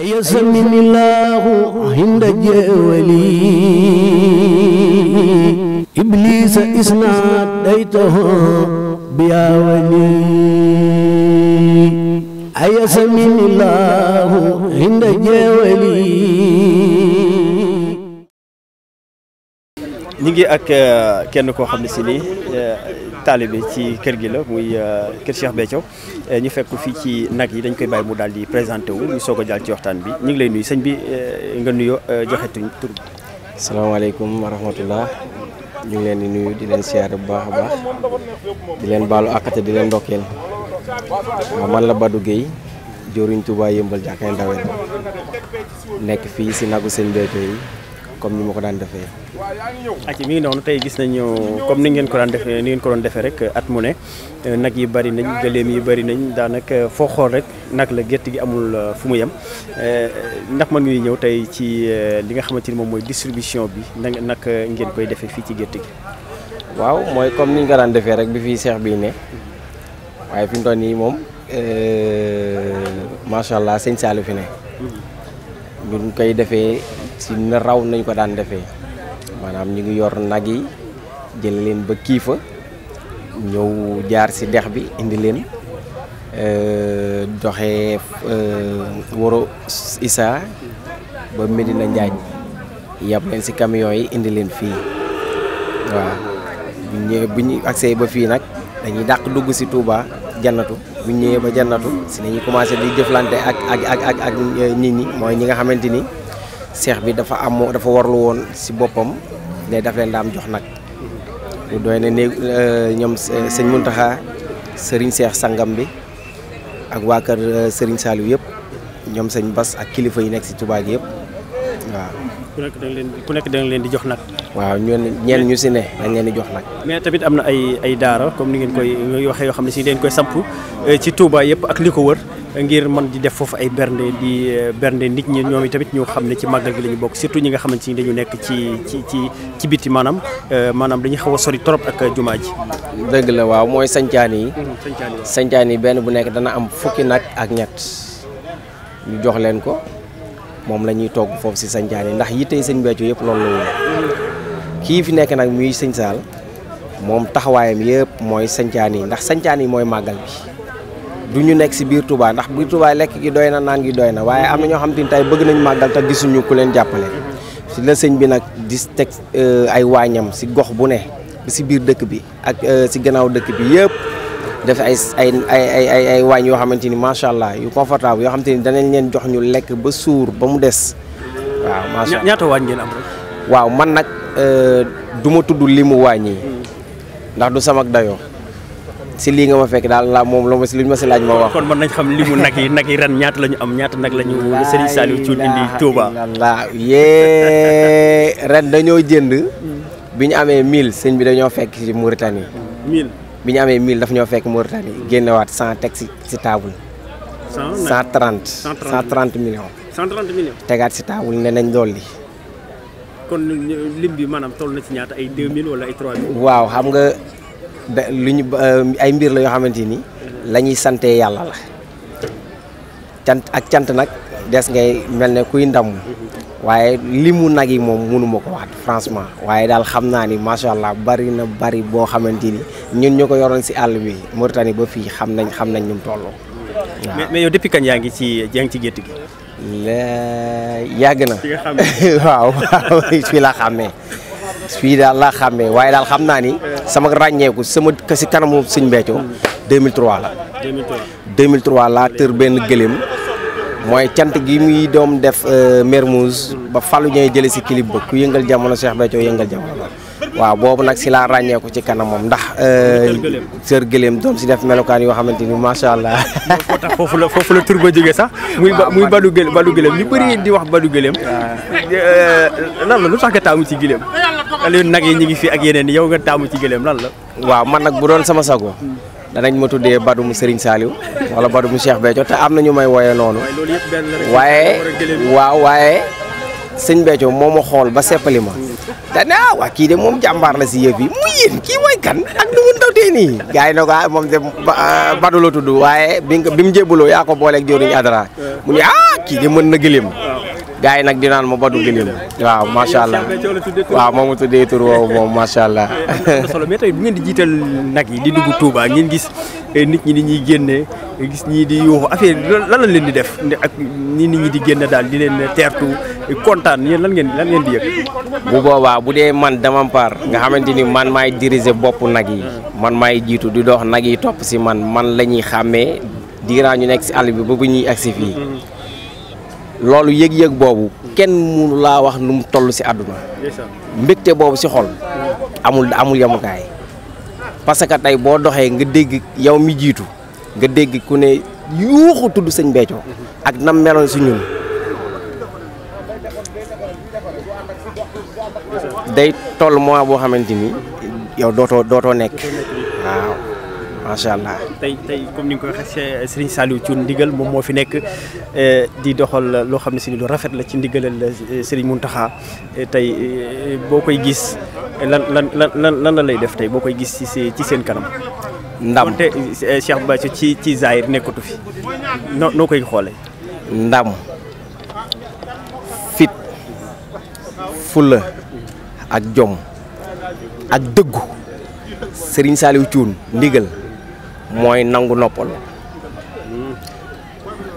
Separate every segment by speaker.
Speaker 1: يسمن الله عند جولي إبليس إسناد ديته بيا ولي أيسمن الله عند جولي ñi ngi ak euh, kenn koo xam ne si nii euh, taalibe ci kër gi la muy euh, kër Cheikh Béthio ñu fekk fii ci nag yi dañ koy bàyyi mu daal di présenté wu ñu soog a jàll ci
Speaker 2: waxtaan bi ñu ngi lay nuyu sëñ bi nga nuyoo joxe tuñ tur bi. salaamaaleykum wa rahmatullah ñu ngi leen di nuyu di leen siyaare bu baax a baax di leen baalu àkkate di leen ndokkeel waaw man la Badou Guèye jëwriñ Touba yëmbal jàkkay ndawet nekk fii si nagu sëñ Béthio yi. comme ni ma ko daan defee.
Speaker 1: acci mi noonu tey gis nañu comme ni ngeen ko daan defee ni ngeen ko doon defee at mu ne nag yi bari nañ gëléem yi bari nañ daanaka foo xool rek nag la gerte gi amul euh, fu muy yem euh, ndax man yu ñëw tey ci euh, li nga xamante ni moom mooy distribution bi na nag
Speaker 2: ngeen koy defee fii ci gerte gi. waaw mooy comme ni ñu ko daan defee rek bi fii seex bii ne waaye fi mu toll nii moom macha allah sëñ Saliou fi ne. ñu mm-hmm. koy defee. si na raw nañ ko daan defee maanaam ñu ngi yor nag yi jële leen ba kiifa ñëw jaar si dex bi indi leen euh, doxee euh, woro Issa ba Medina Njaañ yàpp leen si camion yi indi leen fii waaw bu ñëwee ñu agsee ba fii nag dañuy dàq dugg si Touba janatu bu ñëwee ba jannatu si nañu commencé di jëflante ak ak ak ak nit ñi mooy ñi nga xamante ni seex bi dafa am dafa warlu woon si boppam ne daf leen am jox nag lu doy na néeg euh, ñoom euh, sëñ taxa sëriñ seex sangam bi ak waa kër euh, sëriñ Saliou yëpp ñoom sëñ Bas ak kilifa yi nekk si Tuubaa gi yëpp
Speaker 1: ku nekk da leen ku nekk da leen di jox nag.
Speaker 2: waaw ñun ñenn ñu si ne dañ leen di jox nag.
Speaker 1: mais tamit am na ay ay daara comme ni ngeen koy waxee yoo xam ne si dañ koy samp eh, ci Touba yëpp ak li ko wër ngir man di def foofu ay bernde di eh, bernde nit ñi ñoom tamit ñu xam ne ci màggal gi la ñu bokk surtout ñi nga xamante ni dañu nekk ci ci ci ci biti
Speaker 2: maanaam eh, maanaam dañu xaw a sori trop ak jumaa ji. dëgg la waaw mooy sancaan yi. Mhm, sancaan yi benn bu nekk dana am fukki nag ak ñett ñu jox leen ko. moom la ñuy togg foofu si sanjaan yi ndax yittey sëñ Béthio yëpp loolu la woon kii fi nekk nag muy sëñ Saal moom taxawaayam yëpp mooy sanjaan yi ndax sanjaan yi mooy màggal bi du ñu nekk si biir Touba ndax biir Touba lekk gi doy na naan gi doy na waaye am na ñoo xam te bëgg nañu màggal te gisuñu ku leen jàppale si la sëñ bi nag di teg ay waañam si gox bu ne si biir dëkk bi ak si gannaaw dëkk bi yëpp def ay ay ay ay ay waañ yoo xamante ni macha allah yu confortable yoo xamante ni danañ leen jox ñu lekk ba suur ba mu des waaw macha allah waañ ngeen am waaw man nag euh, du ma tudd li mu waañ yi ndax du sama dayoo si lii nga ma fekk daal laa moom la ma si lu ñu ma si laaj ma wax. mën
Speaker 1: nañ xam li nag yi nag yi ren ñaata la ñu am ñaata nag la ñu. Serigne Saliou Thioune indi Touba.
Speaker 2: yee ren dañoo jënd. Mm. bi ñu amee 1000 sëñ bi dañoo fekk ci Mauritanie. 1000. bi ñu amee 1000 daf ñoo fekk Mauritanie génnewaat 100 teg si si table. 130 130 millions. 130 millions tegaat si table ne nañ dolli.
Speaker 1: kon lim maanaam toll ci ñaata ay 2000 wala ay 3000.
Speaker 2: waaw xam nga lu ñu euh, ay mbir la yoo xamante ni. la ñuy sante yàlla la. cant cant nag des ngay mel ne kuy ndam. Mhm. waaye mu nag yi moom mënuma ko wax franchement waaye daal xam naa ni macha allah bari na bari boo xamante ni ñun ñu ko yoroon si àll bi Mauritanie ba fii xam nañ xam nañ ñu mu toll.
Speaker 1: waaw
Speaker 2: mais yow ngi ci
Speaker 1: yaa ci gétt gi.
Speaker 2: yàgg na. waaw waaw fii laa xàmmee. fii daal laa xàmmee waaye daal xam naa ni. sama ràññeeku sama si kanamu Sëñ Béthio. 2003 la.
Speaker 1: 2003
Speaker 2: 2003 laa tër benn gëléem. mooy cant gi muy doom def euh, Mermoz ba falu Dieng jëlee si clip ba ku yëngal jamono seex Cheikh Béthio yëngal jamono waaw boobu nag si laa ràññeeku ci kanamam ndax. Euh, sër gëléem doom si def melokaan yoo xamante ni macha allah.
Speaker 1: moo tax foofu la foofu la tur ba jógee sax. muy ba muy balu gël balu gëléem li bëri di wax balu gëléem. Euh, lan lu tax nga taamu ci gëléem. lan
Speaker 2: nag yi ñu ngi fi ak yeneen yow taamu ci gëléem lan la. waaw man nag bu doon sama sago. Hmm. danañ ma tuddee mu Serigne Saliou wala mu seex Béthio te am na ñu may woyee noonu waaye waaw waaye sëñ Béthio moo ma xool ba seppali ma dane ah waa kii de moom jàmbaar la si yëf yi mu yéen kii mooy kan ak nu mu ndawtee nii gars yi na ah, moom de ah, badu la tudd waaye bi bi mu jébaloo yaa ko booleeg joriñ adara mu ne ah kii de mën na gëléem gaa yi nag di naan ma Badou Guelem waaw macha allah waaw moom mu tuddee tur woowu moom macha allah. solo
Speaker 1: mais bu ngeen di jiital nag yi di dugg Touba ngeen gis eh, nit ñi ni ñuy génnee gis ñii di yuuxu affaire lan lañ leen di def ak ni nit ñi di génn daal di leen teertu kontaan yéen lan ngeen lan ngeen di yëg.
Speaker 2: bu boobaa bu dee man dama par nga xamante ni man may diriger bopp nag yi man maay jiitu di dox nag yi topp si man man la ñuy xàmmee diiraa ñu nekk si àll bi ba bu ñuy agsi fii. loolu yëg-yëg boobu kenn mënu laa wax nu mu toll si àdduna mbégte boobu si xol amul amul yamukaay parce que tey boo doxee nga dégg yow mi jiitu nga dégg ku ne yuuxu tudd sëñ Béthio ak nam meloon si ñun day toll moment boo xamante ni yow dootoo dootoo nekk waaw macha allah.
Speaker 1: tey tey comme ni nga ko waxee Serigne Saliou Thioune ndigal moom moo fi nekk eh, di doxal loo xam ne si lu rafet la ci ndigalal eh, mun taxa eh, tey boo koy gis lan lan la lay def tey boo koy gis ci ci seen kanam. ndam te Cheikh Bacca ci ci Zahir nekkatu fi noo koy xoolee.
Speaker 2: ndam fit fula ak jom ak dëggu Serigne Saliou Thioune ndigal. mooy nangu noppal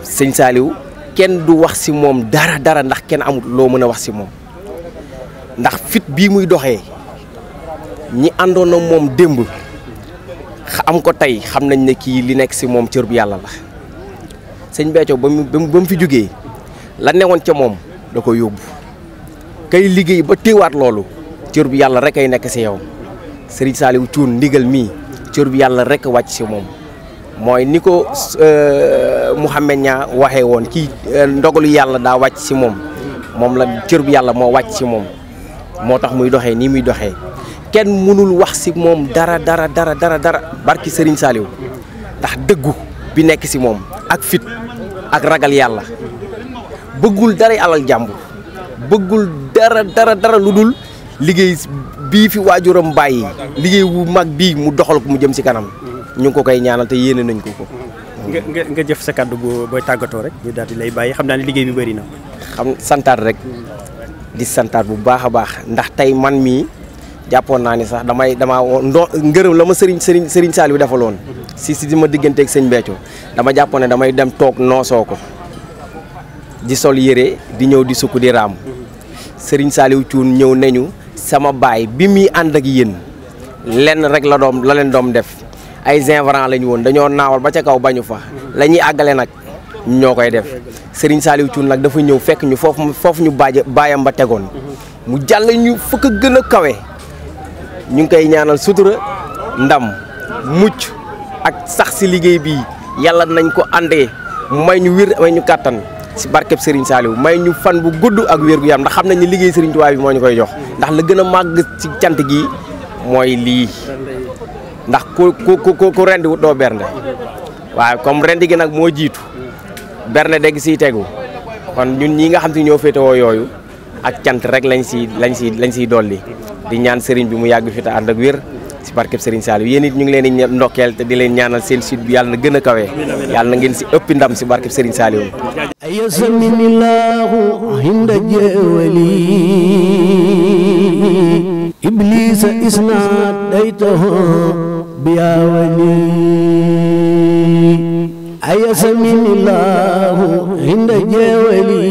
Speaker 2: sëñ Saliou kenn du wax si moom dara dara ndax kenn amul loo mën a wax si moom ndax fit bii muy doxee ñi àndoon ak moom démb am ko tey xam nañ ne kii li nekk si moom cër bu yàlla la sëñ Béthio ba mu ba fi jógee la newoon ca moom da ko yóbbu kay liggéey ba téewaat loolu cër bu yàlla rek ay nekk si yow sëriñ Saliou Thioune ndigal mii cër bi yàlla rekk wàcc si moom mooy ni ko euh, Mouhamed Niang waxee woon ci euh, ndogalu yàlla daa wàcc si moom moom la cër bi yàlla moo wàcc si moom moo tax muy doxee nii muy doxee kenn mënul wax si moom dara dara dara dara dara barki Serigne Saliou ndax dëggu bi nekk si moom ak fit ak ragal yàlla bëggul dara alal jàmbur bëggul dara dara dara lu dul liggéey bii fi waajuram bàyyi liggéey wu mag bii mu doxal ko mu jëm si kanam ñu ngi ko koy ñaanal te yéene nañ ko ko.
Speaker 1: nga nga jëf sa kàddu boo tàggatoo rek ñu daal lay bàyyi xam naa ne liggéey bi bëri na.
Speaker 2: xam santaar rek di santaar bu baax a baax ndax tey man mii jàppoon naa ni sax damay damaa ndo ngërëm la ma sëriñ sëriñ sëriñ Saliou defaloon si si ma digganteeg sëñ Béthio dama jàppoon ne damay dem toog noosoo ko di sol yére di ñëw di sukk di raam sëriñ Saliou Thioune ñëw sama baay bi muy ànd ak yéen lenn rek la doom la leen doom def ay ginvran la ñu woon dañoo naawal ba ca kaw bañu fa la ñuy àggale nag ñoo koy def Serigne Saliou Thioune nag dafa ñëw fekk ñu foofu foofu ñu baaja baayam ba tegoon mu jàll ñu fëkk gën a kawe ñu ngi koy ñaanal sutura ndam mucc ak sax si liggéey bi yàlla nañ ko àndee may ñu wir may ñu kàttan si barkeb Serigne Saliou may ñu fan bu gudd ak wér gu yaram ndax xam nañ ne liggéey Serigne Touba bi moo ñu koy jox ndax la gën a màgg ci cant gi mooy lii ndax ku ku ku ku rendi wut doo bernde waaw comme rend gi nag moo jiitu bernde dégg siy tegu kon ñun ñi nga xam si ñoo féetewoo yooyu ak cant rek lañ si lañ si lañ siy dolli di ñaan Serigne bi mu yàgg fi te ànd ak wér. ci barkeb Serigne Saliou yéen it ñu ngi leen di ndokkeel te di leen ñaanal seen site bi yàlla na gën a kawe yàlla na ngeen si ëpp ndam si barkeb Serigne Saliou
Speaker 1: ayasaminillahu inda jawali iblisa isnat daytahu biyawali ayasaminillahu inda jawali